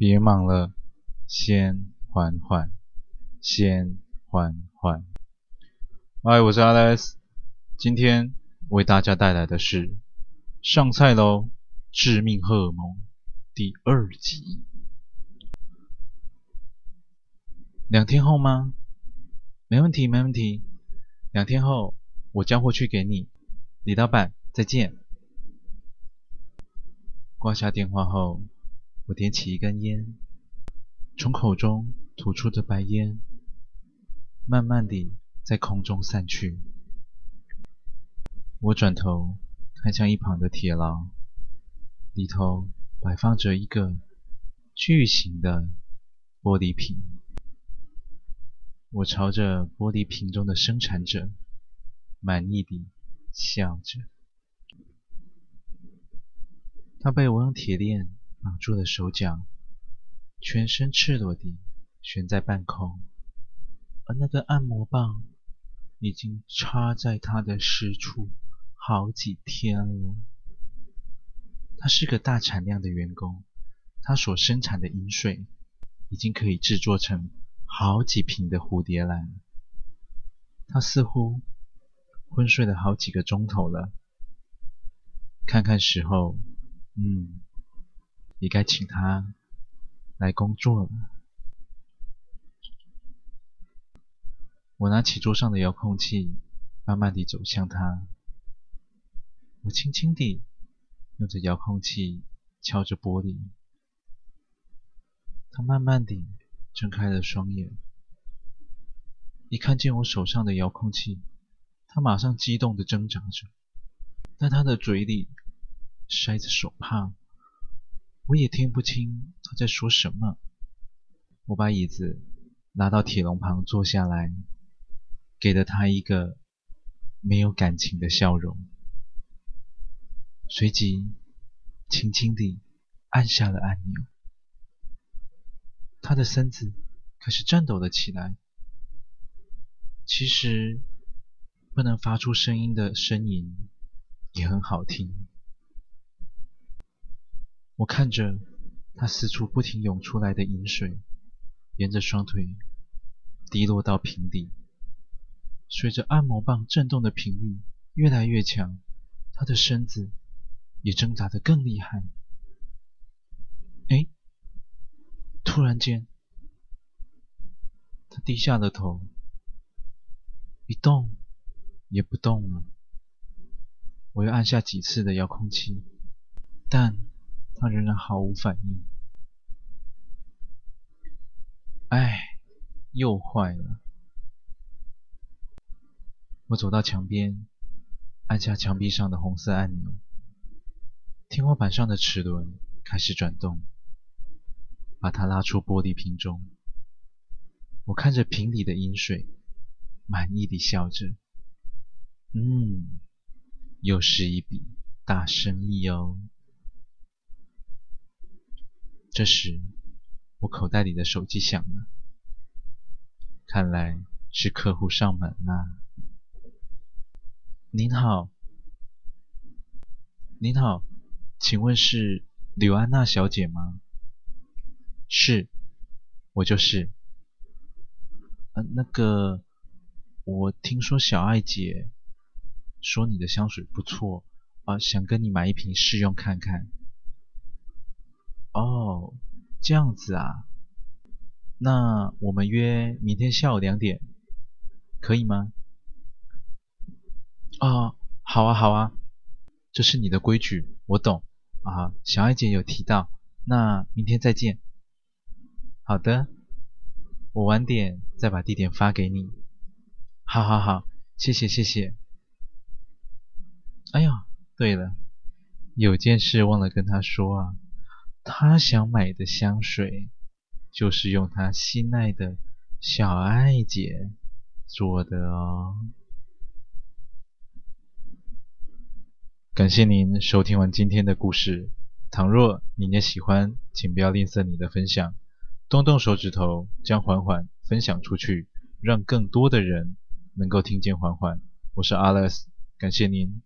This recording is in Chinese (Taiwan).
別忙了，先緩緩，先緩緩。嗨，我是 Alex，今天為大家帶來的是《上菜嘍：致命荷爾蒙》第二集。兩天後嗎？沒問題，沒問題。兩天後我交貨去給你，李老闆，再見。掛下電話後，我點起一根菸，從口中吐出的白煙慢慢地在空中散去。我轉頭看向一旁的鐵牢，裡頭擺放着一個巨型的玻璃瓶。我朝着玻璃瓶中的生產者滿意地笑着。她被我用鐵鏈。綁住了手腳，全身赤裸地懸在半空，而那根按摩棒已經插在他的私處好幾天了。他是個大產量的員工，他所生產的淫水已經可以制作成好幾瓶的蝴蝶蘭。他似乎昏睡了好幾個鐘頭了。看看時候，嗯。也該請他來工作了。我拿起桌上的遙控器，慢慢地走向他。我輕輕地用着遙控器敲着玻璃。他慢慢地睜開了雙眼，一看見我手上的遙控器，他馬上激動地掙扎着，但他的嘴裡塞着手帕。我也聽不清他在說什麼。我把椅子拿到鐵籠旁坐下來，給了他一個沒有感情的笑容，隨即輕輕地按下了按鈕。他的身子開始顫抖了起來。其實，不能發出聲音的呻吟也很好聽。我看着她私處不停湧出來的淫水，沿着雙腿滴落到瓶底。隨着按摩棒震動的頻率越來越強，她的身子也掙扎得更厲害。誒、欸、突然間，她低下了頭，一動也不動了。我又按下幾次的遙控器，但……他仍然毫無反應。唉，又壞了。我走到牆邊，按下牆壁上的紅色按鈕，天花板上的齒輪開始轉動，把它拉出玻璃瓶中。我看着瓶底的淫水，滿意地笑着：“嗯，又是一筆大生意哦。”這時，我口袋裡的手機響了，看來是客戶上門啦、啊。您好，您好，請問是柳安娜小姐嗎？是，我就是。呃，那個，我聽說小愛姐說你的香水不錯啊、呃，想跟你買一瓶試用看看。哦，這樣子啊，那我們約明天下午兩點，可以嗎？哦，好啊好啊，這是你的規矩，我懂啊。小愛姐有提到，那明天再見。好的，我晚點再把地點發給你。好好好，謝謝謝謝。哎呀，對了，有件事忘了跟她說啊。她想買的香水，就是用她心愛的小愛姐做的哦。感謝您收聽完今天的故事，倘若你也喜歡，請不要吝嗇你的分享，動動手指頭將緩緩分享出去，讓更多的人能夠聽見緩緩。我是 Alice，感謝您。